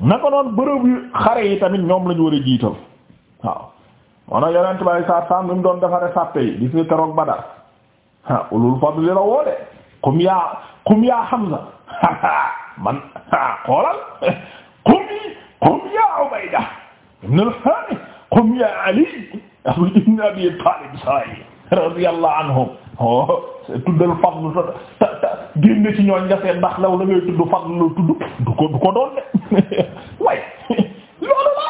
naka noonu bërëb yu xare yi tamit ñoom la ñu war a jiital waaw moo na sa sam ni doon defare sàppe yi gis nga keroog Badar ah ulul fadli la woode kum yaa kum yaa Hamza man xoolal kum kum yaa Ubayda ibn al-Harith kum yaa Ali ibn Abi Talib say radiyallahu anhum o oh, tuddal fadlu ta ta génn ci ñooñ nga seen ndax law la ngay tudd fadlu la tudd du ko du ko doon de waaye loolu la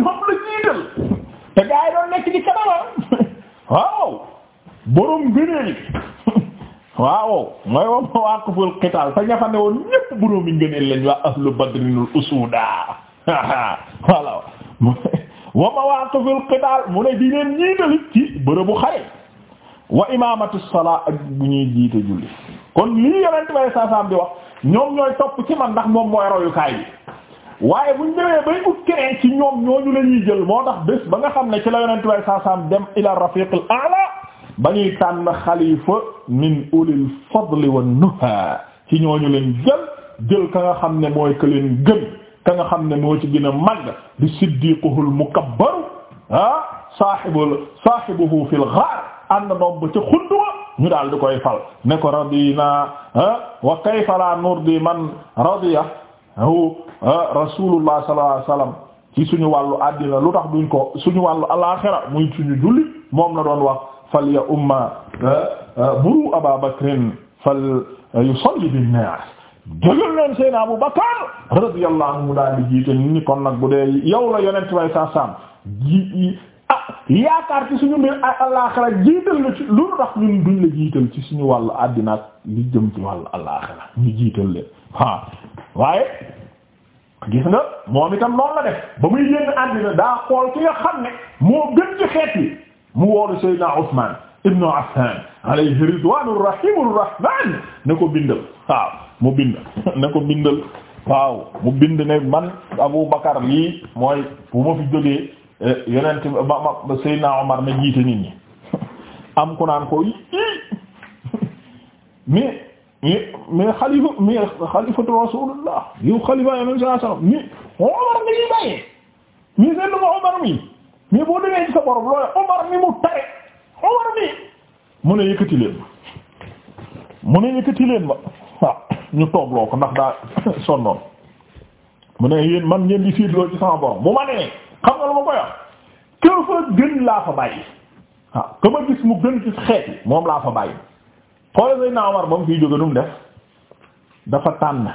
ñoom la jiital te gaa yi doon nekk ci kanama waaw borom gënee li waaw mooy wa mawaqiful qital fa ne woon ñépp borom yi ngëneel lañ waa ahlu badrinul usuda voilà wa mawaqifil qital mu ne di leen ñiitalit ci bërëbu xare wa imamatu salaa ak bu ñuy jiite julli kon lii yonent bay saasaam bi wax ñoom ñooy topp ci man ndax moom mooy royukaay bi waaye buñ demee bay ut keneen ci ñoom ñooñu la ñuy jël moo tax bés ba nga xam ne ci la yonent saasaam dem ila rafiq al ba ñuy tànn xalifa min ulil fadli wan nuha ci ñooñu leen jël jël ka nga xam ne mooy ka leen gën ka nga xam ne moo ci gën a màgg di siddiquhul mukabbar ah saahibul saahibuhu fil ghaar ànd doom ba ca xunduwa ñu daal di koy fal ne ko radina wa kayfa la nurdi man radiya hu rasulullah sallallahu alayhi wasallam ci suñu wàllu àddina lu tax duñ ko suñu wàllu alaaxira muy suñu julli moom la doon wax fal ya umma buru aba bakrin fal yusalli bin nas jëgal leen seen Abu Bakar radiyallahu anhu daal di jiite nit ñi kon nag bu dee yow la yonent way sa sam ji ah yaakaar ci suñu mbir àllaaxira jiital la ci lu tax ñun duñ la jiital ci suñu wàllu àddina ak li jëm ci wàllu àllaaxira ñu jiital leen ah waaye gis nga moom itam noonu la def ba muy génn àddina daa xool ki nga xam ne moo gën ci xeet yi mu woolu Seydina Usmaan ibnu Affaan alayhi ridwaanur rahiimur rahmaan ne ko bindal waaw mu bind ne ko bindal waaw mu bind ne man Abu Bakar lii mooy bu ma fi jógee eh, yonent ma ma Seydina Omar na jiite nit ñi am ku naan ko mais mais mais xalifa mais xalifatu Rasulullah yow xalifa yonent sallallahu alayhi wasallam mais Omar mi ñuy bàyyee mais seen lu ma Omar mi mais boo demee ci sa borom loole Omar mi mu tare Omar mi mu ne yëkkati leen ma mu ne yëkkati leen ma ñu toogloo ko ndax daa sonnoon mu ne yéen man ngeen di fiitloo ci sama borom bu ma nee xam nga lu ma koy wax fa gën laa fa bàyyi ka ah, ma gis mu gën ci xeet moom laa fa bàyyi xoole Seydina Omar ba mu fiy jóge num def dafa tànn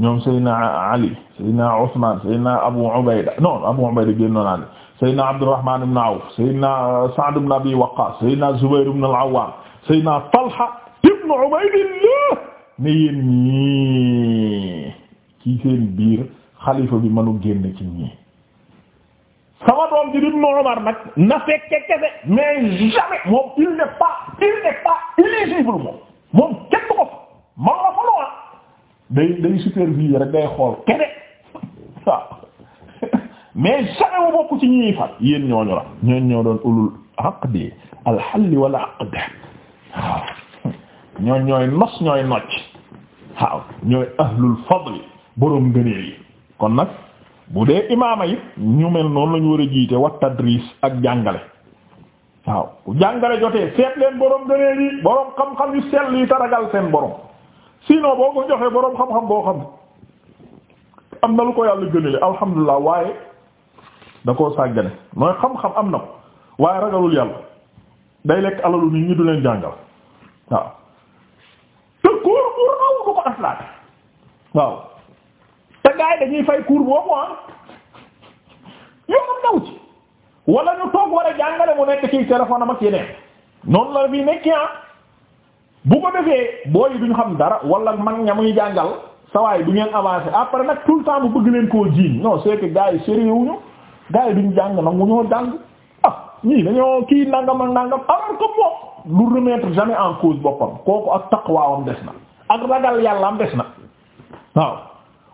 ñoom Seydina Ali Seydina Ousmane Seydina Abu Ubayda non Abu Ubayda génnoon naa ne Seydina Abdurrahman ibn Awf Seydina Sa'd ibn Abi Waqqas Seydina Zubayr ibn al-Awwam Seydina Talha ibn Ubaydillah ne yéen ñii ci seen biir xalifa bi mënu génn ci ñii sama doom ji di Ibnu Umar nag na fekke kese mais moom il n'est pas il n'est pas éligible moom moom kenn ko fa man la fa lool day day superviser rek day xool kese waaw mu bokk ci ñii fat yéen ñooñu la ñooñu ñoo doon ulul aqdi al hal wala aqd waaw ñooñ ñooy nos ñooy nocc waaw ñooy ahlul fadli boroom ngëneel yi kon nag bu dee imaama yit ñu mel noonu la ñu war a jiite wa tadris ak jàngale waaw bu jàngale jotee seet leen boroom ngëneel yi boroom xam-xam yu sell yi taragal seen boroom sinon boo ko joxee boroom xam-xam boo xam am na lu ko yàlla gënale alhamdulilah waaye da koo sàggane mooy xam-xam am na waaye ragalul yàlla day lekk alalu nit ñi du leen jàngal waaw ko aslaat waaw te gars yi dañuy fay cours boobu ah yoo xam naw ci wala ñu toog war a jàngale mu nekk ci téléphone am ak yeneen noonu la fi nekki ah bu ko defee booyi duñu xam dara wala mag ña muy jàngal sawaay du ngeen avancé après nag tout le temps bu bëgg leen koo jiiñ non c'est que gars ñu sérieux wuñu gars yi duñu jàng nag mu ñoo jàng ah ñii dañoo kii nangam ak nangam alors que moom lu remettre jamais en cause boppam kooku ak taqwaawam des na ak ragal yàllaam des na waaw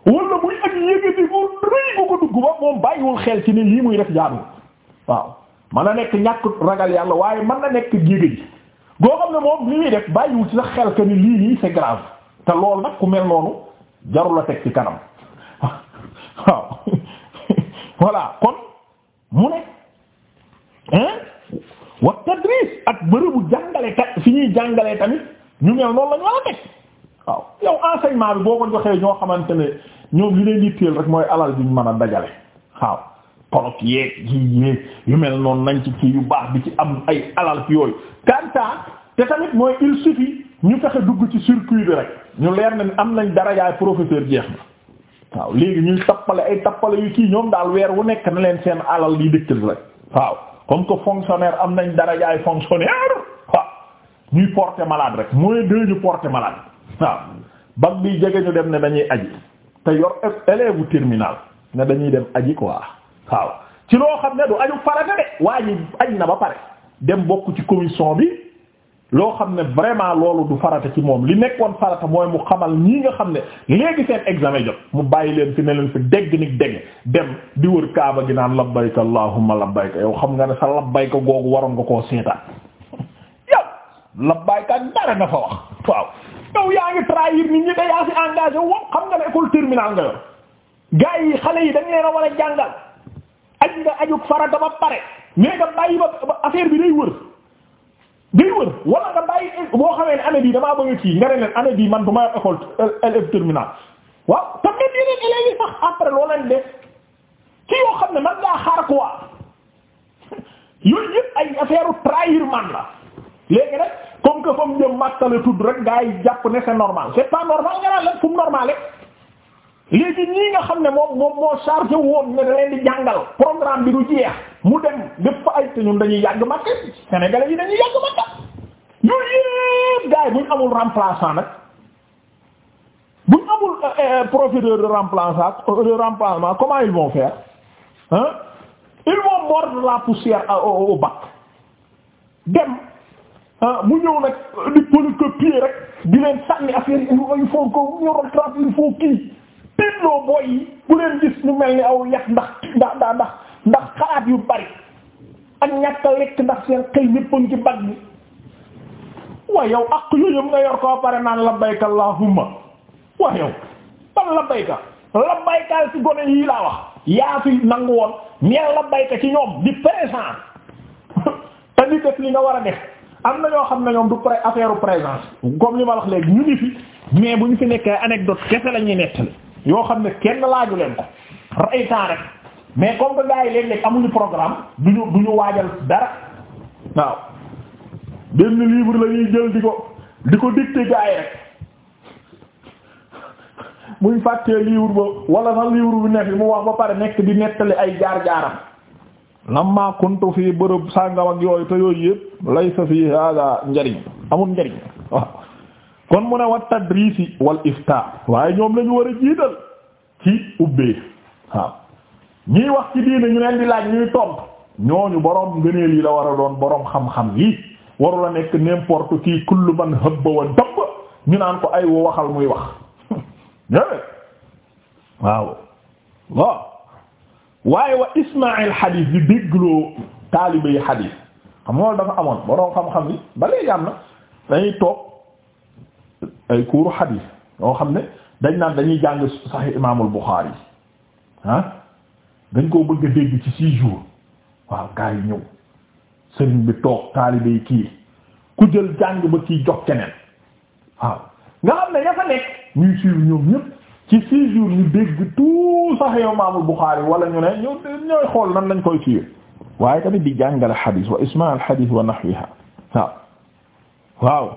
wala muy ak yëgati bu rëy bu ko dugg ba moom bàyyiwul xel ci ni lii muy def jaadu waaw man na nekk ñàkk ragal yàlla waaye man na nekk yëga ji goo xam ne moom li muy def bàyyiwul ci sax xel que ni lii nii c'est te loolu nag ku mel noonu jarul a teg ci kanam waaw voilà kon mu ne hein wa tadris ak bërëbu jàngale kat fi ñuy jàngalee tamit ñu mel noonu la ñu war teg waaw yow enseignement bi boo ko joxee ñoo xamante ne ñoom li leen yitteel rek mooy alal bi ñu mën a dajale waaw tolof yeeg yi yeeg yu mel noonu nañ ci kii yu baax bi ci am ay alal ci yooyu kantaa te tamit mooy il suffit ñu fexe dugg ci circuit bi rek ñu leer na am nañ dara yaay professeur jeex na waaw léegi ñuy tappale ay tappale yu kii ñoom daal weer wu nekk na leen seen alal di dëkkal rek waaw comme que fonctionnaire am nañ dara yaay fonctionnaire waaw ñuy porter malade rek mooy deux ñu porter malade waaw bac bi jege ñu dem ne dañuy aji te yor élève terminal ne dañuy dem aji ko waaw ci loo xam ne du aju farata de waa ji aj na ba pare dem bokk ci commission bi loo xam ne vraiment loolu du farata ci moom li nekkoon farata mooy mu xamal ñii nga xam ne léegi seen examen jot mu bàyyi leen fi ne leen fi dégg ni dégg dem di wër kaaba gi naan labbayka allahumma labbayka yow xam nga ne sa labbayka googu waroon nga koo seetaan yow labbayka dara yow yaa ngi trahir nit ñi da yaa si engagé woo xam nga ne école terminale nga yor gaa yi xale yi dañ leen a war a jàngal aj nga ajug ba pare mais nga ba affaire bi day wër day wër wala nga boo xamee ne année bii damaa bëgg a kii nga ne leen année bii man du ma école euh, élève terminale waaw te même yeneen élèves yi sax après loo leen def yoo xam ne man ngaa xaar quoi yooyu yëpp ay affaire trahir man la léegi nag. comme que fa mu jëm Makka tudd rek gaa yi jàpp ne c'est normal c'est pas normal nga naan leen fu mu léegi ñii nga xam ne moom moom moo chargé woon ne da leen di jàngal programme bi du jeex mu dem def fa ay te ñun dañuy yàgg Makka Sénégalais yi dañuy yàgg Makka yooyu yëpp gaa yi bu ñu amul remplaçant nag bu ñu amul euh, euh, profiteur de remplaçant de remplacement comment ils vont faire hein ils vont mordre la poussière euh, au bac dem. ah mu ñëw nag euh, di polycopier rek di leen sànni affaire yi faut ko ñoral trap il faut kii tiitloo booy yi bu leen gis ñu mel ni aw yax ndax ndax ndax ndax xalaat yu bari ak ñàkk a lekk ndax seen xëy néppoon ci bag bi waaye yow ak yooyu nga yor ko pare naan labbayka allahumma waaye yow ban labbayka labbayka ci gone yii laa wax yaa fi nangu woon ñeel labbayka ci ñoom di présent te def li nga war a def am na ñoo xam ne ñoom du pare affaire présence comme li ma wax léegi ñu ngi fi mais bu ñu fi nekkee anecdote kese la ñuy nettali yoo xam ne kenn laaju leen ko raytaan rek mais comme que gars yi léeg-léeg amuñu programme duñu du ñu waajal dara waaw benn livre la ñuy jël di ko di ko dicté gars yi rek muñ fàttee livre ba wala sax livre bi nekk mu wax ba pare nekk di nettali ay jaar-jaaram lamma kuntu fii bërëb sàngam yooyu te yooyu yëpp laysa fii hada njariñ amul njariñ waaw kon mu ne wa tadrisi wal ifta waaye ñoom lañu war a jiital ci ubbee waaw ñiy wax ci diine ñu leen di laaj ñuy tontu ñooñu boroom ngëneel yi la war a doon boroom xam-xam yi waru la nekk n'importe qui kullu man hëbba wa dëbb ñu naan ko ay waxal muy wax waaw waaw waaye wa ismail xadiis di déggloo taalibe yi xadiis xam loolu dafa amoon borom xam-xam yi ba léegi am na dañuy toog ay kuuru xadiis yoo xam ne dañ naan dañuy jàng saxi imaamul Buxaari ah dañ koo bëgg dégg ci six jours waaw gaa yi ñëw sëriñ bi toog taalibe yi kii ku jël jàng ba kii jox keneen waaw nga xam ne ña fa nekk ñuy suivre ñoom ñëpp ci six jours ñu dégg tout sax Buxaari wala ñu ne ñoo ñooy xool nan lañ koy ciir waaye tamit di jàngale xadis wa isma al xadis wa nahwiha waaw waaw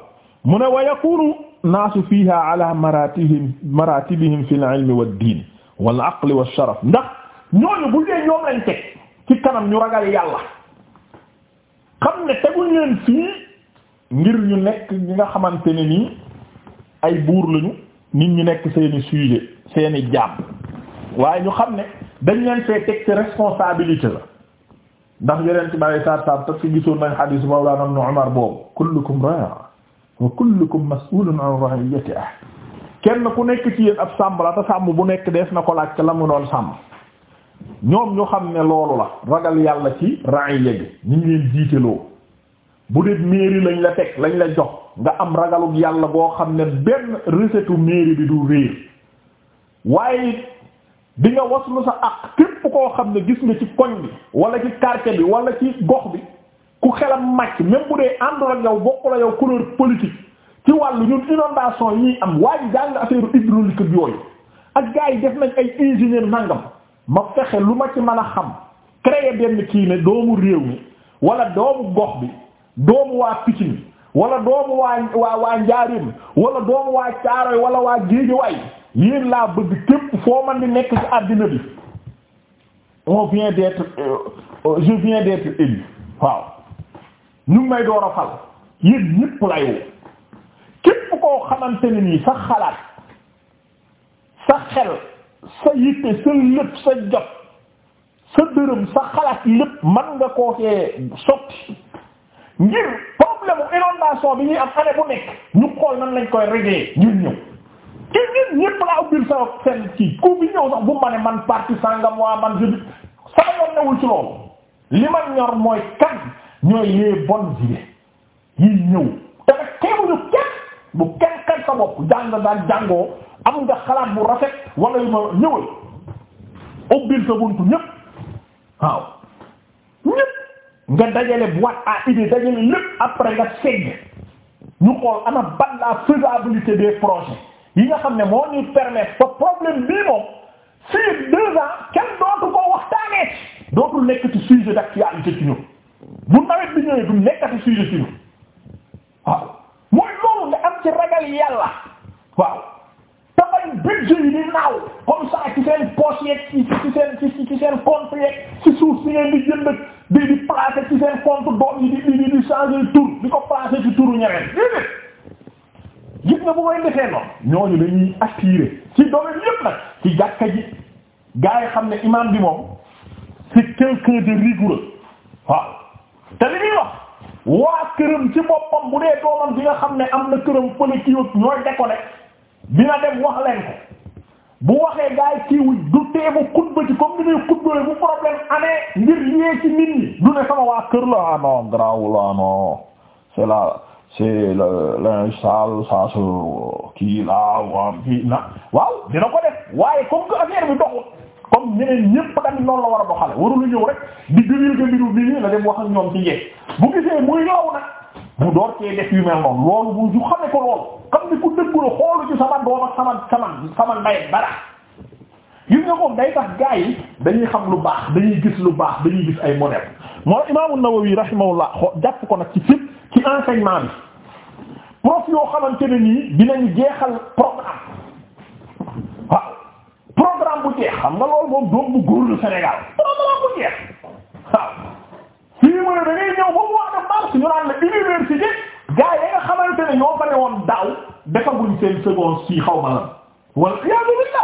mu ne wa yakunu naasu fiha ala maratibihim maratibihim fi al ilmi wad diin wal aqli wa sharaf ndax ñooñu ci kanam ñu ragal yàlla xam ne teguñ leen fii ñu nekk ñi nga xamante ne nii ay buur lañu nit ñi nekk seeni sujet seeni jàmm waaye ñu xam ne dañ leen fee teg ci responsabilité la ndax yeneen ci bari saa saam te fi gisoon nañ xadiis mawlaana ibn Umar boobu kullukum raa wa kullukum mas'ulun an ra'iyyatihi kenn ku nekk ci yéen ab sàmm la te sàmm bu nekk dees na ko laaj la mu doon sàmm ñoom ñu xam ne loolu la ragal yàlla ci ra'iyya gi ñu ngi leen jiiteloo bu dee mairie lañ la teg lañ la jox nga am ragalug yàlla boo xam ne benn recette mairie bi du réer waaye di nga waslu sa ak képp koo xam ne gis nga ci koñ bi wala ci quartier bi wala ci gox bi ku xelam màcc même bu dee àndul ak yow bokku la yow couleur politique ci wàllu ñun inondation yi am waaye jàng affaire hydraulique ak yooyu ak gars yi def nañ ay ingénieur nangam ma fexe lu ma ci mën a xam créer benn kii ne doomu réew mi wala doomu gox bi doomu waa Pikine wala doomu waa waa waa njaarim wala doomu waa caaroy wala waa géejuwaay yéen laa bëgg képp foo man di nekk ci àddina bi on vient d'être euh, je viens d'être élu waaw ñu may door a fal yéen ñépp lay képp koo xamante nii sa xalaat sa xel sa yitte sa lépp sa jot sa dërëm sa xalaat lépp man nga koo kee sotti ngir problème inondation bi ñuy am année bu nekk ñu xool nan lañ koy régler ñun ñëw ki ñun ñëpp laa ubbil sa seen ci ku bi ñëw sax bu ma man parti sangam waa man jëbi sama ci loolu li man ñor mooy kan ñooy les bonnes idées yi ñëw te nag teewuñu kenn bu kenn kan sa bopp jàng daan jàngoo am nga xalaat bu rafet wala yu ma ñëwal ubbil sa buntu ñëpp waaw ñëpp nga dajale boîte à idée dajale lépp après nga segg ñu xool ana ban la faisabilité des projets yi nga xam ne moo ñuy permettre ba problème bii moom ci deux kenn dootu ko waxtaanee dootul nekk ci sujet d'actualité ci ñu bu nawet bi ñëwee du nekkati sujet ci ñu waaw mooy loolu nga am ci ragal yàlla waaw dafay budget yi di naaw comme ça ci seen poche yeeg ci seen ci seen compte yeeg ci suuf si ngeen di jënd. di di placer ci seen compte doom yi di di di changer tur di ko placer ci turu ñeneen déedéet gis nga bu may defee noonu ñooñu dañuy attirer ci domaine yépp nag ci jàkka ji gaa yi xam ne imam bi moom c'est quelqu'un de rigoureux waaw te li ñuy wax waa këram ci boppam bu dee doomam bi nga xam ne am na këram fële kii ñooy déconné dina dem wax leen ko. bu waxee gaay kiiwuñ du teebu xutba ci comme ni muy xutbale bu problème amee ngir yee ci nit du ne sama waa kër la ah non grawul ah non c'est la c'est linge sale se kii la waam kii na waaw dina ko def waaye comme que affaire bi doxul comme ñeneen ñépp tamit noonu la war a doxale warul ñëw rek di diril ga mbiru bi la dem wax ak ñoom ci njee bu gisee muy mu door cee def yu mel noonu loolu bu ju xame ko loolu xam ne ku dëggu la xoolu ci sama doom ak sama sama sama ndey bara day tax gaa yi dañuy xam lu baax dañuy gis lu baax dañuy gis ay modèle moo imaamu Nawawi rahimahullah jàpp ko nag ci fit ci enseignement bi prof yoo xamante ne nii dinañ jeexal programme waaw programme bu jeex xam nga loolu moom doom bu góor lu Sénégal programme bu jeex fii mu ne da ngay ñëw ba mu wax def mars ñu naan la université gars yi nga xamante ne ñoo fa ne woon daaw defaguñ seen seconde si xaw ma lan wala yalubilla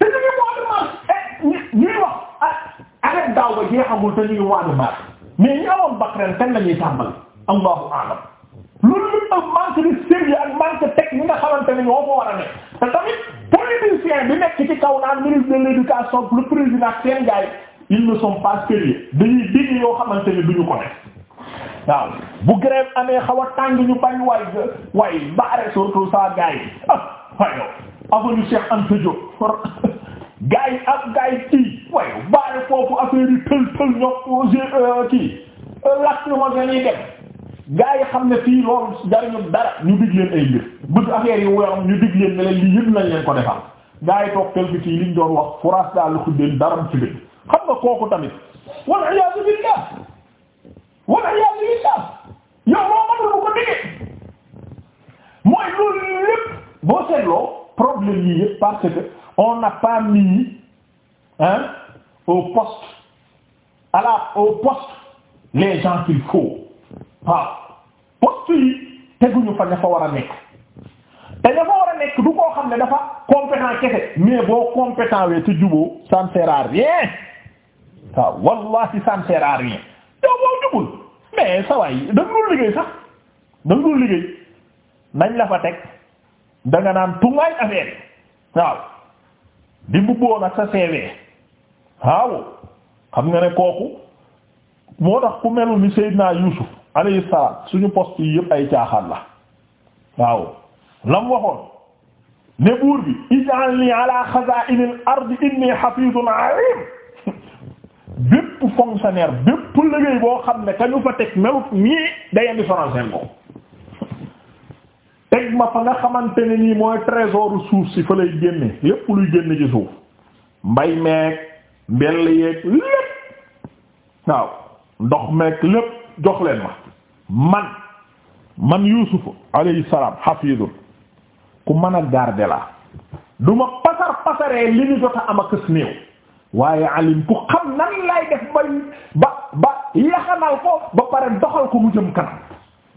te ñu ngi mois de mars e ñuy wax ah, arrêt daaw ba jeexagul te ñu ngi mois de mars mais ñi amoon bac ren ten la ñuy tàmbali allahu a'lam loolu lu am manque de sérieux ak manque teg ñi nga xamante ne ñoo fa war a nekk te tamit politicien bi nekk ci kaw naan ministre de l'éducation le président seen gars yi ils ne sont pas sérieux dañuy dégg yoo xamante ni duñu ko def waaw bu grève amee xaw a tàng ñu bañ waay waay baare surtout ça gars yi ah waaye avenue Cheikh Anta Diop gars yi ak gars yi kii waaye baare foofu affaire yi tël tël ñoom euh, kii lakk ñu ma dañuy dem gars xam ne fii loolu jariñu dara ñu dig ay mbir bëgg affaire yi wéyam ñu dig leen ne leen lii yëpp lañ leen ko defal gars yi toog teel bi kii liñ doon wax forage daal lu ko dara ci biir. xam nga kooku tamit wal iyaadu billah wal iyaadu billah yow moo mënul bu ko déggee mooy loolu lépp boo seetloo problème yi yëpp parce que on n'a pas mis hein au poste à la au poste les gens qu'il faut waaw poste yi teguñu fa ña fa war a nekk te ña fa war a nekk du koo xam ne dafa compétent kese mais boo compétent wee te juboo ça ne sert à waaw wallahi ça ne sert à rien yow moom jubul mais sa waay da liggéey sax da nga liggéey nañ la fa teg da naan tungaay affaire waaw di mbubboo nag sa CV waaw xam nga ne kooku moo tax ku melu ni Seydina Yuusuf alayhi salaam suñu poste yi yëpp ay caaxaan la waaw lam waxoon ne buur bi ij'alni ala xazaa'inil ardi inni hafiizun aliim bépp fonctionnaire bépp liggéey boo xam ne ka ñu fa teg melut nii day indi sonal seen bopp teg ma fa nga xamante ne nii mooy trésor suuf si fa lay génne lépp luy génne ci suuf mbay meek mbell yeeg lépp waaw ndox meek lépp jox leen ma man man Yuusuf alayhi salaam xafiisul ku mën a garder la duma pasar pasaree li ñu jot am ak kës waaye alim ku xam nan lay def ba ba ba yaxanal ko ba pare doxal ko mu jëm kanam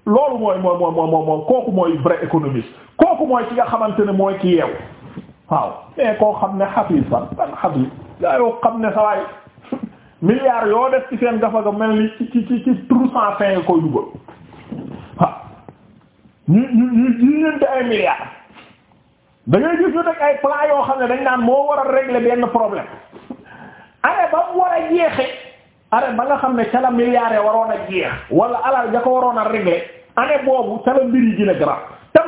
loolu mooy mooy mooy mooy mooy kooku mooy vrai économiste kooku mooy ki nga xamante ne mooy ki yeew waaw mais koo xam ne xafiis sax ban xam ne sa waay milliards yoo def ci seen gafa ga mel ni ci ci ci ci trou sans fin koy dugal waaw ñu ñu ñu ñu ñente ay milliards da ngay ñu teg ay plan yoo xam ne dañ naan moo war a régler benn problème are ba mu war a jeexe are ba nga xam ne ca la waroon a jeex wala alal ja ko waroon a régler année boobu ca la mbir yi gën a garab te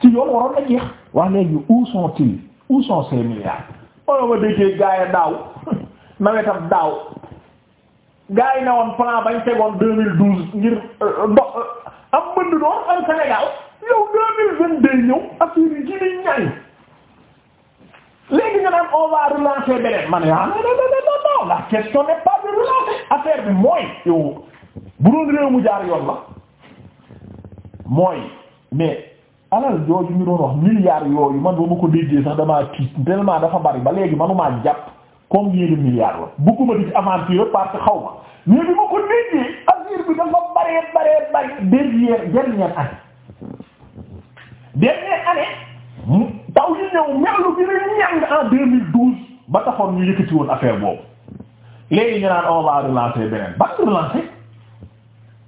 ci yoon waroon a jeex wax léegi où sont-ils où sont ces milliards wala ma déggee gaaya daaw nawetam daaw gaa yi ne woon plan bañ tegoon deux mille douze ngir ndox euh, euh, am mbënd doon am Sénégal yow deux mille vingt-deux ñëw affaire yi ni ñañ léegi nga naan on va relancer beneen ma ne ah non non non la question pas de relancer affaire bi mooy yow bu doon réew mu jaar yoon la mooy mais alal jooju ñu doon wax milliards yooyu man ba ma ko déggee sax damaa tiit tellement bari ba léegi manumaa jàpp combien de milliards la bugguma di aventure parce que xaw ma mais bi ma ko déggee bi dafa baree baree bari dernière dernière année dernière année taw yi ñëw mellu bi ñu ñàng en 2012 ba taxoon ñu yëkkati woon boobu léegi ñu naan on va relancer beneen ba relancer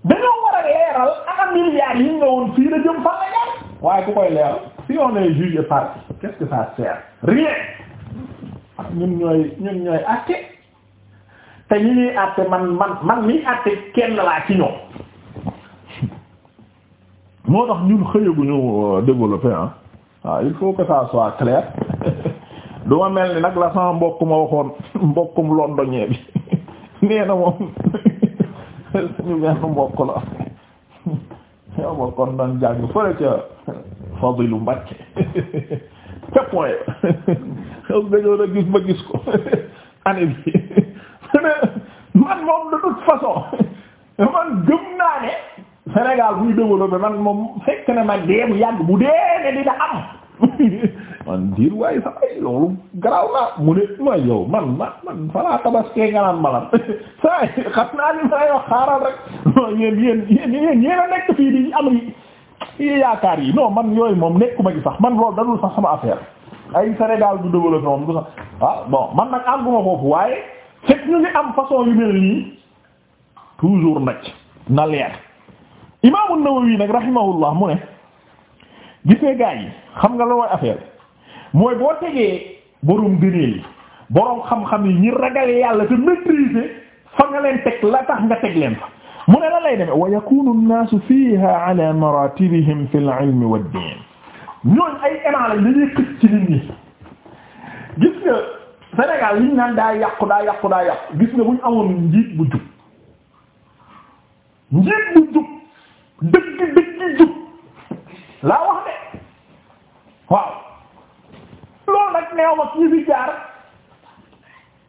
dañoo war a leeral ak milliards yi ñu ne woon jëm fan la jaar waaye ku koy leeral si on est juge et partie qu'est-ce que ñun ñooy ñun ñooy àtte te ñi ñuy àtte man man man miy àtte kenn laa ci ñoom moo tax ñun xëyaguñu euh, développé ah. waaw il faut que ça soit du ma mel ni nag la sama mbokk ma waxoon mbokkum londoñee bi nee na moom suñu benn mbokk la yow ma kon doon jàng fële ca Fadilu Mbàkke ca point yow dañoo gis ba gis ko année bi man moom de toute façon man gëm Sénégal buy développé man moom fekk na ma dee bu yàgg bu dee ne dina am man diir waaye sax ay loolu garaaw naa mu ne ma yow man man man falaa nga naan malam saa xam naa xaaral rek yéen yéen yéen yéen yéen a nekk fii di am yi yaakaar yi non man yooyu moom nekkuma gi sax man loolu dadul sax sama affaire ay Sénégal bu développé moom du sax ah bon man nag àgguma foofu waaye fekk ñu ngi am façon yu mel nii toujours nag na leer imaamu Nawawi nag rahimahullah mu ne gis nga gaa yi xam nga la mooy affaire mooy boo tegee borom gëneel yi borom xam-xam yi ñi ragal yàlla te maîtriser fa nga leen teg la tax nga teg leen fa mu ne la lay demee wa yakunu an-naasu fiiha ala maratibihim fil ilmi wad-diin ñooñ ay énaa lañ dañuy xëcc ci nit ñi gis nga Sénégal liñ naan daa yàqu daa yàqu daa yàqu gis nga buñ amoon njiit bu jub njiit bu jub dëgg dëgg jub laa wax de waaw loolu nag neew ma kii bi jaar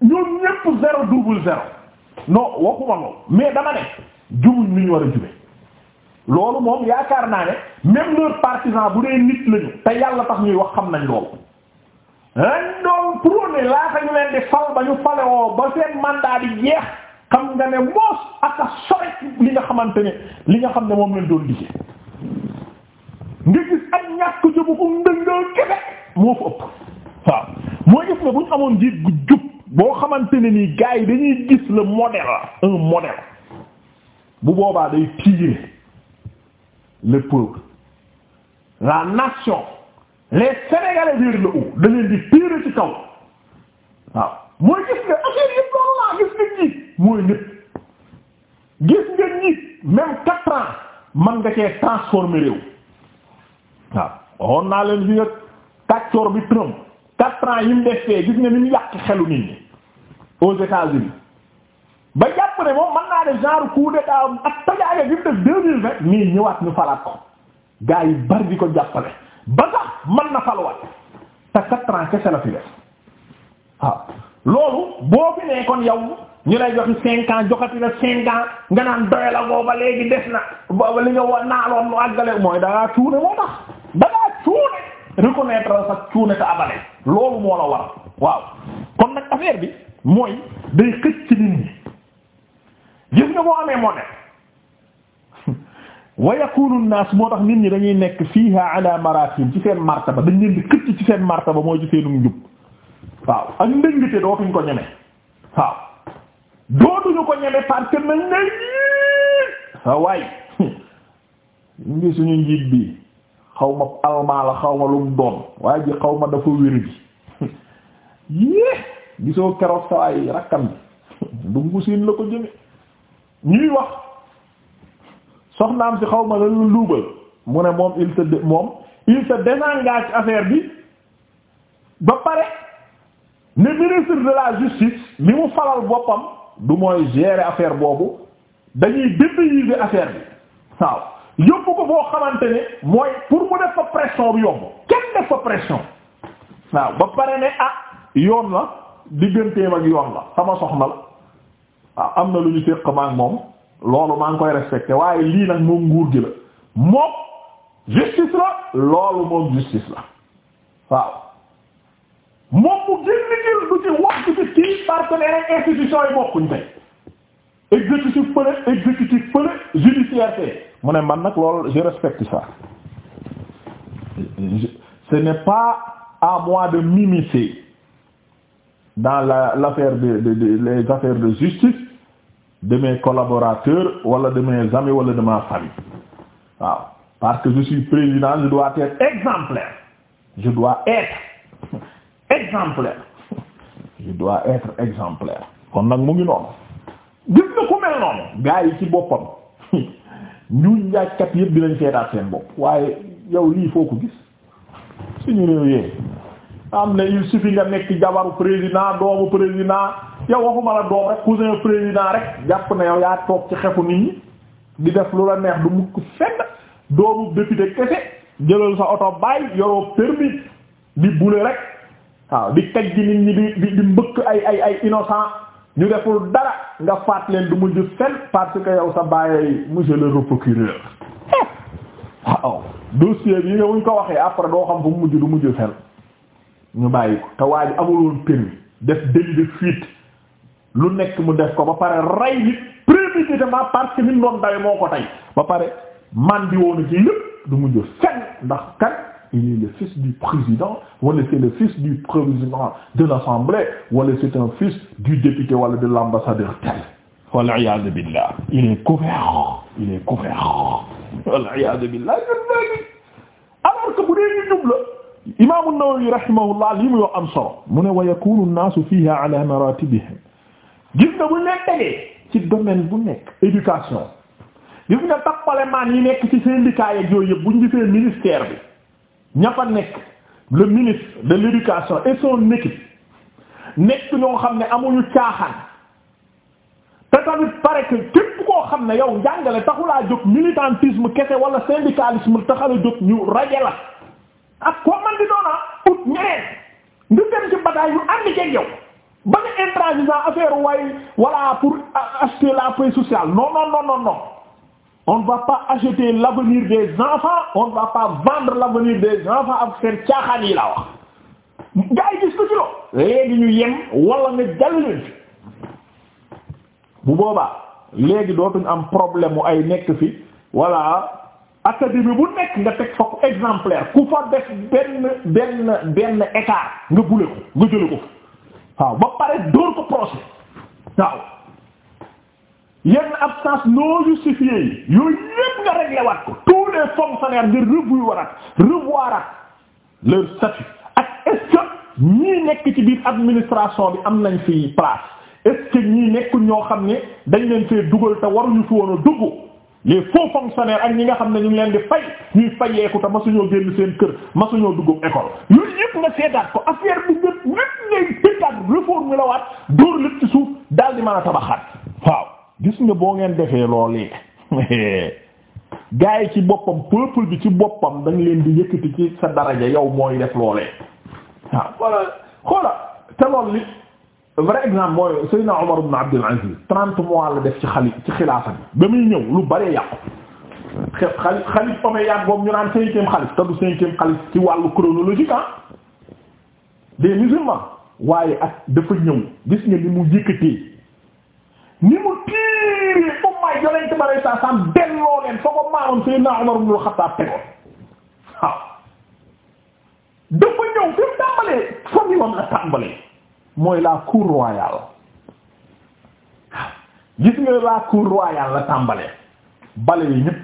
ñoom ñépp zéro double zéro non waxuma loolu mais dama ne jubuñ ñu war a jube loolu moom yaakaar naa ne même leur partisan bu dee nit lañu te yàlla tax ñuy wax xam nañ loolu lañ doon prôné laata ñu leen di fal ba ñu falewoo ba seen mandat di jeex xam nga ne moos ak a li nga xamante ne li nga xam ne moom lañ doon liggéey nga gis ak ñàkk jëbu ko ndëngaa kese moo fa ëpp waaw gis ne bu ñu amoon jiit gu jub boo xamante ne nii gars yi dañuy gis le modèle un modèle bu boobaa day tirer le peuple la nation les Sénégalais vers le haut dañuy di tirer ci kaw waaw mooy gis nga affaire yëpp loolu laa gis nga njiit mooy lépp gis nga njiit même quatre ans man nga cee transformer réew waaw waxoon naa leen fi nga kàccoor bi Trump quatre ans yi mu def fee gis nga ni mu yàq xelu nit ñi aux États-Unis ba jàpp ne moom mën naa def genre coup d'état ak tajaaga bi mu def deux mille vingt nii ñëwaat ñu falaat ko gaa yi bari di ko jàppale ba sax mën na faluwaat te quatre ans kese la fi def waaw loolu boo fi ne kon yow ñu lay joxi cinq ans joxati la cinq ans nga naan doyal a booba léegi des na booba li nga wa naaloon nu àggale mooy dangaa cuune moo tax dangaa cuune reconnaître la sa cuune ta loolu moo la war waaw kon nag affaire bi mooy day xëcc ci nit ñi gis nga boo amee moo ne wa yakunu naas moo tax nit ñi dañuy nekk fiiha ala maratib ci seen martaba dañ leen di xëcc ci seen martaba mooy ci seenum njub waaw ak ndëngite dootuñ ko ñeme waaw dootuñu ko ñeme parce que nañ sa waay ngi suñu njiit bi xaw ma almaa la xaw ma lu mu doon waaye ji xaw ma dafa wér bi yée gisoo keroog sa waay rakkam bi dungu siin la ko jëme ñuy wax soxnaam si xaw ma la lu luubal mu ne moom il se moom il se désengage affaire bi ba pare ne ministre de la justice li mu falal boppam du mooy gérer affaire boobu dañuy dépaysé affaire bi waaw yóbbu ko boo xamante ne mooy pour mu def fa pression bi yomb kenn def fa pression waaw ba pare ne ah yoon la digganteem ak yoon la sama soxna la waaw ah, am na lu ñu téq maak moom loolu maa ngi koy respecté waaye lii nag moom nguur gi la moom justice la loolu moom justice la waaw moom mu génn du ci wax ci kii partenaire ak institution yi bokkuñ tey exécutif pële exécutif pële judiciaire tey mu ne man nag loolu je respecte ça ce n'est pas à moi de m'immiscer dans la l'affaire de, de, de les affaires de justice de mes wala de mes wala de ma famille waaw je suis président je dois être exemplaire je dois être exemplaire je dois être exemplaire kon nag mu ngi noonu gis nga ku mel noonu gaa yi ci boppam ñu njaajkat yëpp dinañ seetaat seen bopp waaye yow lii foo ko gis suñu réew yee am na il suffit nga nekk jabaru président doomu président yow waxuma la doom rek cousin président rek jàpp na yow yaa toog ci xefu nit ñi di def lu la neex du mukk fenn doomu député kese jëlal sa oto bàyyi yoroo permis di bule rek waaw di teg gi nit ñi di di mbëkk ay ay ay innocent ñu deful dara nga faat leen du mujj fen parce que yow sa bàyyi monsieur le procureur waaw dossier bi nga wuñ ko waxee après doo xam fu mu mujj du mujj fen ñu bàyyi ko te waa ji amuloon permis def délit de fuite lu nekk mu def ko ba pare rey nit préméditement parce que ni mu doon dawe moo ko tey ba pare man di woon ci lépp du mujj fen ndax kat il est le fils du président wala c'est le fils du président de l'assemblée wala c'est un fils du député wala de l'ambassadeur tel wal iyaadu billah il est couvert il est couvert wal iyaadu billah alors que bu dee ñu jubla imam an-Nawawi rahimahullah lii muy wax am solo mu ne wa yakunu an-naasu fiha ala maratibihim gis nga bu ñu leen tegee ci domaine bu nekk éducation gis nga tappale maan yi nekk ci syndicat yeeg yooyu yëpp bu ñu gisee ministère bi ña fa nekk le ministre de l'éducation et son équipe nekk ñoo xam ne amuñu caaxaan te tamit pare que képp koo xam ne yow njàngale taxulaa jóg militantisme kese wala syndicalisme taxala jóg ñu raje la ak koo man di doona ut ñeneen nga dem ci bataille ñu ànd ceeg yow ba nga intransigeant affaire waaye voilà pour acheter la paix sociale non non non non on ne va pas acheter l'avenir des enfants on va pas vendre l'avenir des enfants ak seen caaxaan yi laa wax gars yi gis ko ci léegi ñu yem wala nga jàll fi bu boobaa léegi dootuñ am problème mu ay nekk fi voilà académie bu nekk nga teg fa ku exemplaire ku fa def benn benn benn écart nga bule ko nga jële ko waaw ba pare dóor ko procès waaw yenn absence non justifiée yi yooyu yépp nga réglé waat ko tous les fonctionnaires nga revoir revoir leur statut ak est-ce nekk ci biir administration bi am nañ fii place est-ce que nekk ñoo xam ne dañ leen fee dugal te waruñu fi woon a dugg les faux fonctionnaires ak ñi nga xam ne ñu ngi leen di fay ñuy fayeeku te masuñoo génn seen kër masuñoo dugg école yooyu yépp nga seetaat ko affaire bi lépp lépp ngay tëddaat réforme la waat dóor lépp gis nga boo ngeen defee loolee gaa yi ci boppam peuple bi ci boppam dañ leen di yëkkati ci sa daraja yow mooy def loolee waaw wala xoola te lool li vrai exemple mooy Seydina Omar ibn Abdul Aziz trente mois la def ci xali ci xilaafa bi ba muy ñëw lu bare yàqu xali xalif omeyyade boobu ñu naan cinquième xalif te du cinquième xalif ci wàllu chronologique ah des musulmans waaye ak dafa ñëw gis nga ni mu yëkkatee ni mu mbir yi ummaay yonent ba lay saa saam delloo leen foo ko maamoon Seydina Umar ibn Xattaab tegoon waaw dafa ñëw fi tàmbalee famille la tàmbalee mooy la cour royale gis nga la cour royale la tàmbalee bale yi ñëpp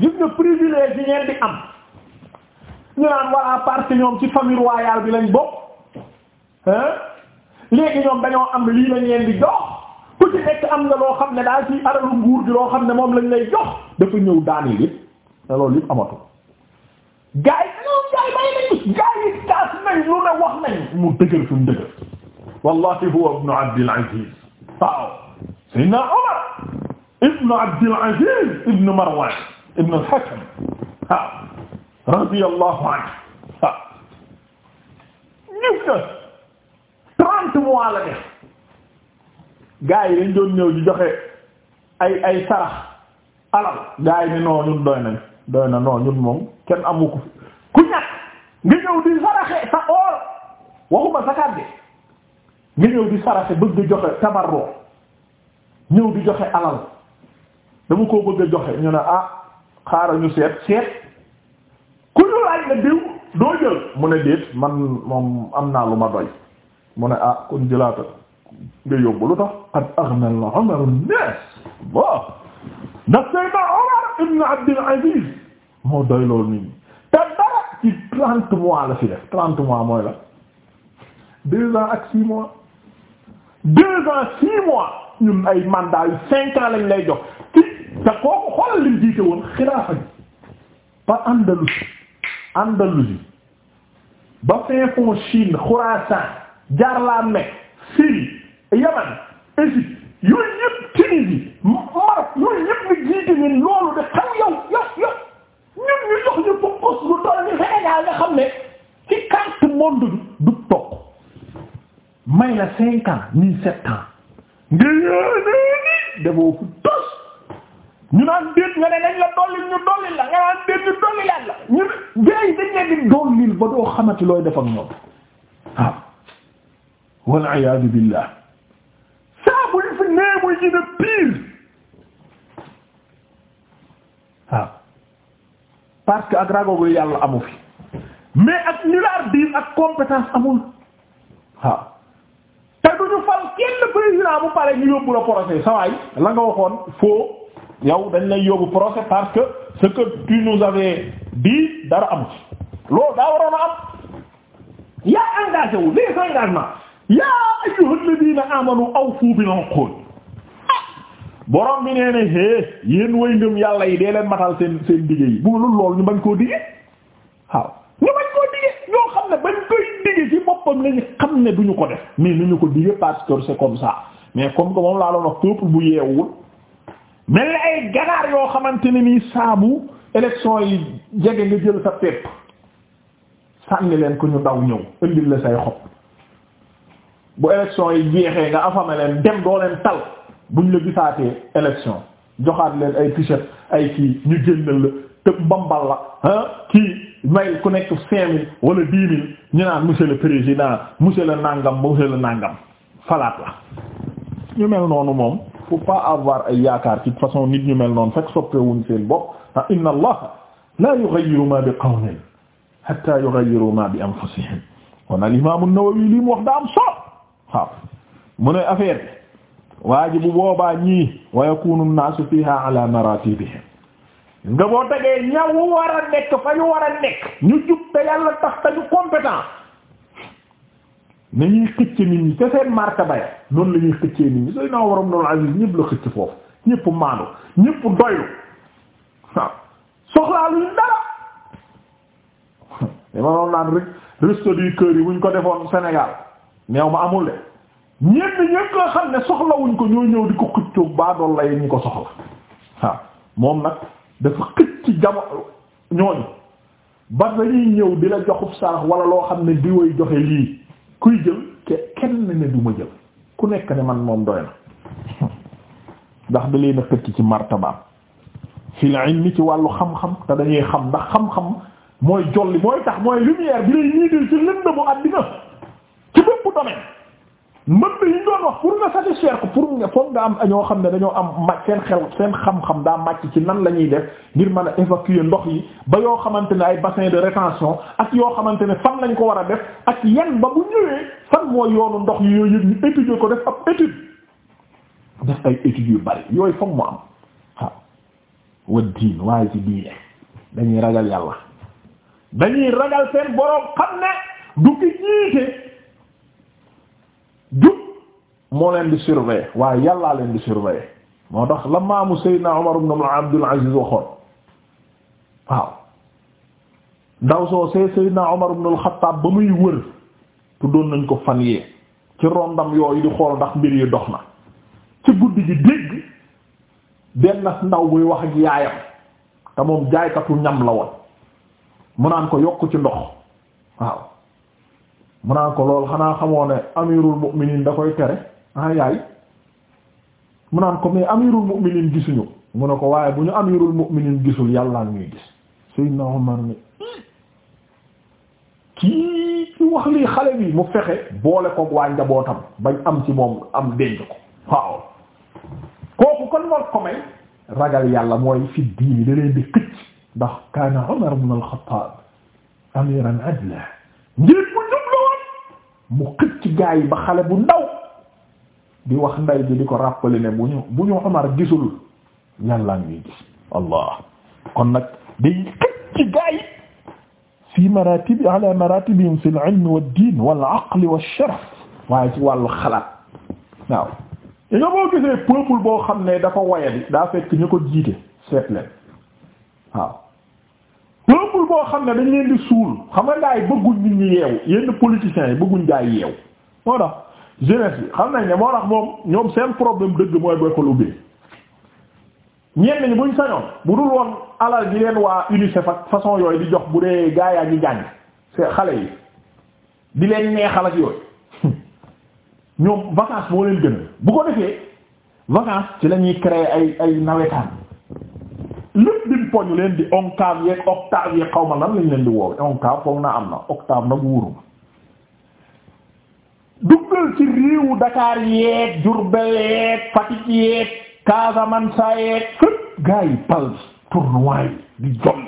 gis nga privilège yi ngeen di am ñu naan walla parce ñoom ci famille royale bi lañ bokk hein léegi ñoom dañoo am lii lañ leen di dox ku ci nekk am nga loo xam ne daal ci aralu nguur gi loo xam ne moom lañ lay jox dafa ñëw daani lépp te loolu lépp amatu gaa yi ñoom gaa yi may nañu gaa yi taas lu ne wax nañ mu dëgër fi mu dëgër wallahi huwa ibnu abdil aziz waaw sayyidina umar ibnu abdil aziz ibnu marwan ibnu al-hakam waaw radiyallahu anhu waaw gis nga gaa yi dañ doon ñëw di joxe ay ay sarax alal gaa yi ni non ñun doy nañ doy na non ñun moom kenn amu ku ñàkk nga ñëw di saraxe sa oor waxuma zakaat bi nga ñëw di saraxe bëgg di joxe tabarroo ñëw di joxe alal dama koo bëgg a joxe ñu ne ah xaaral ñu seet seet ku ñu laaj nga diw doo jël mu ne déet man moom am naa lu ma doy mu ne ah kon jëlaatal nga yóbbu lu tax qad aghna al-'amaru an-nas Allah ndax Seydina Umar te dara ci trente mois la fi def trente mois mooy la deux ans ak six ay mandat yu cinq ans lañ te kooku xoolal jiite woon xilaafa bi par Andalousie Andalousie ba fin Chine Khourassane jaar la Mecque Yaman Égypte yooyu yëpp Tunisie Maroc yooyu yëpp ñu jiite ñun loolu de xam yow yow yow ñu jox ñu pour poste lu toll ni Sénégal nga xam ne ci carte monde bi du toog may la cinq ans ni sept ans nga yéene dafoo fu tos ñu naan déet nga ne nañ la dolli ñu dolli la nga naan déet ñu dolli la la ñu gars yi dañ leen di dollil ba doo xamati looy def ak ñoom waaw ah. wal iyaadu billah muy gën ah. parce que ak ragogu yàlla amu fi mais ak nulaar biir ak compétence amul waaw ah. te duñu fal kenn président bu pare ñu yóbbu la procès sawaay la nga waxoon foo yow dañ lay yóbbu procès parce que ce que tu nous avais dit dara amu loolu daa waroon a am yaa engagé wu les engagements yaa ayyuhalladhina amanu awfu bil uqud borom bi nee ne hé yéen way yàlla yi dee leen matal seen seen digge yi bu lul lool ñu bañ koo digge waaw ñu bañ koo digge ñoo xam ne bañ koy digge ci boppam lañu xam ne duñu ko def mais nu ñu ko digge parce que c'est comme ça mais comme que moom laa doon wax peuple bu yeewul mel ni ay ganaar yoo xamante ne nii saabu élection yi jege nga jël sa pepp sànni leen ku ñu daw ñëw ëndil la say xob bu élection yi jeexee nga afame leen dem doo leen tal buñ la gisaatee élection joxaat leen ay t-shirt ay kii ñu génnal la tëb mbambal la ah kii may ku nekk cinq mille wala dix mille ñu naan monsieur le président monsieur le nàngam monsieur la nangam falaat la ñu mel noonu moom faut pas avoir ay yaakaar ci façon nit ñu mel noonu fekk soppewuñ seen bopp ah inna allah la yughayyiru ma bi qawmin hatta yughayyiru ma bi anfusihim kon al imam nawawi li mu wax daa am so waaw mu ne affaire waa ji bu boobaa ñii wa yakunu an-nasu fiha ala nga boo tegee ñawu war a nekk fa ñu war a nekk ñu jub te yàlla tax te ñu compétent nañuy xëcc nit ñi seen martaba ya noonu la ñuy xëccee nit sooy naa waram noonu aziz ñëpp la xëcc foofu ñëpp maanu ñëpp doylu waaw soxlaaluñ dara dama noonu naan rek resto du cœur yi buñ ko defoon Sénégal neew ma amul de ñenn ñëpp nga xam ne soxlawuñ ko ñoo ñëw di ko xëccoo baadool la ñu ko soxla waaw moom nag dafa xëcc ci ñooñu ba dañuy ñëw di la joxub sarax wala loo xam ne di way joxe lii kuy jël ke kenn ne du ma jël ku nekk ne man moom doy na ndax da leen a xëcc ci martabaam fil ilmi ci wàllu xam-xam te dañuy xam ndax xam-xam mooy jolli mooy tax mooy lumière bi lay ñii dil ci lëndëmu àddina ci bépp domaine mbënd yi ñu wax pour nga satisfaire ko pour nga foog nga am ñoo xam ne dañoo am màcc seen xel seen xam-xam daa màcc ci nan la ñuy def ngir mën a évacuer ndox yi ba yoo xamante ne ay bassin de rétention ak yoo xamante ne fan lañ ko war a def ak yan ba bu ñëwee fan mooy yoonu ndox yi yooyu yëpp ñu étudier ko def ab étude def ay études yu bari yooyu foog mu am waaw diin waaye ci diine dañuy ragal yàlla dañuy ragal seen boroom xam ne du ki jiite jub moo leen di surveiller waaye yàllaa leen di surveiller moo tax la maamu Seydina Umar ibn Abdul Aziz waxoon waaw ndaw soo see Seydina Umar ibn al-Khattab ba muy wër tuddoon nañ ko fan yee ci rondam yooyu di xool ndax mbir yi dox na ci guddi gi dégg benn ndaw buy wax ak yaayam te moom jaaykatu ñam la woon mu naan ko yokk ci ndox waaw mu naa ko lool xanaa xamoo ne amirul mu'minin da koy tere ah yaay mu ko mais amirul mu'minin gisuñu mu ne ko waaye bu ñu amirul mu'minin gisul yàllaa ñuy gis Seydina Omar ni kii ci wax lii xale bi mu fexe boole koog waa njabootam bañ am ci moom am denc ko waaw kooku kon war ko may ragal yàlla mooy fi diini da leen këcc ndax kaana Umar ibn al-Khattab amiran adla mu xëcc gaa yi ba xale bu ndaw di wax nday bi di ko rappeler ne bu ñu bu ñu Umar gisul yàlla ngi gis allah kon nag day xëcc gaa yi fi maratib ala maratibihim fi al wal aql wa waaye ci wàllu xalaat waaw yi nga boo gisee peuple boo xam ne dafa waya bi daa fekk ñu ko jiite seet leen waaw boo xam ne dañ leen di suul xam nga gaa yi bëgguñ nit ñi yeewu yenn politiciens yi bëgguñ gaa yi yeewu moo tax jeunesse bi xam nañ ne moo tax moom ñoom seen problème dëgg mooy booy ko ubbee ñenn ñi buñ sañoon bu dul woon alal ji leen waa UNICEF fa façon yooyu di jox bu dee gaa yaa ñu jàng xale yi di leen neexal ak yooyu ñoom vacances moo leen gën bu ko defee vacances ci la ñuy créer ay ay nawetaan. lépp di poñ leen di octave yeeg octave yeeg xaw ma lan lañ leen di woowe octave foog naa am na octave nag wóoruma duggal ci réewu Dakar yeeg Diourbel yeeg Fatick yeeg Casamance yeeg fépp gars yi pal tournoi yi di jom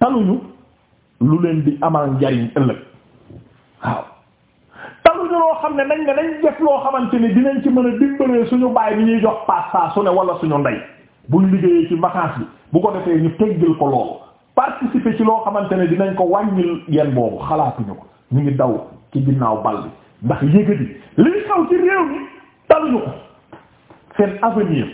taluñu lu leen di amal njariñ ëllëg waaw taluñu loo xam ne nañ ne nañ def loo xamante ni dinañ ci mën a dimbalee suñu baay bi ñuy jox paas saa su ne wala suñu ndey buñ liggéeyee ci vacances bi bu ko defee ñu teggil ko loolu participer ci loo xamante ne dinañ ko wàññil yenn boobu xalaatuñu ko ñu ngi daw ci ginnaaw bal bi ndax yëgadi liy xaw ci réew mi taluñu ko seen avenir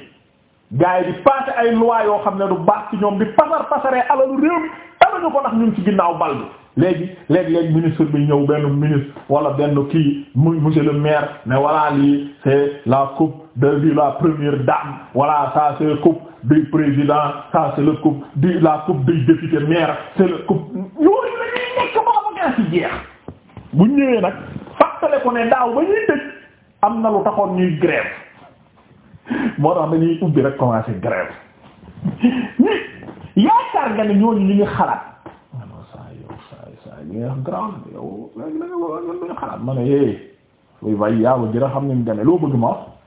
gars yi di passé ay lois yoo xam ne du baax ci ñoom di pasar pasaree alalu réew mi taluñu ko ndax ñu ngi ci ginnaaw bal bi léegi léeg-léeg ministre bi ñëw benn ministre wala benn kii mu monsieur le maire ne voilà lii c'est la coupe de la première dame voilà ça c'est la coupe du président ça c'est coupe de la coupe du député maire c'est coupe yooyu la ñuy nekk ba vacances yi jeex bu ñëwee nag fàttale ko ne daaw ba ñuy tëj am na lu taxoon ñuy grève moo tax dañuy ubbi rek commencer grève ni yaakaar nga ne ñooñu ñu ngi xalaat ano ah saa yow saa saa li nga wax grand yow léegi da nga wa ñon duñu xalaat ma ne é eh, luy yaa ba jër a xam ne ñu loo bëgg ma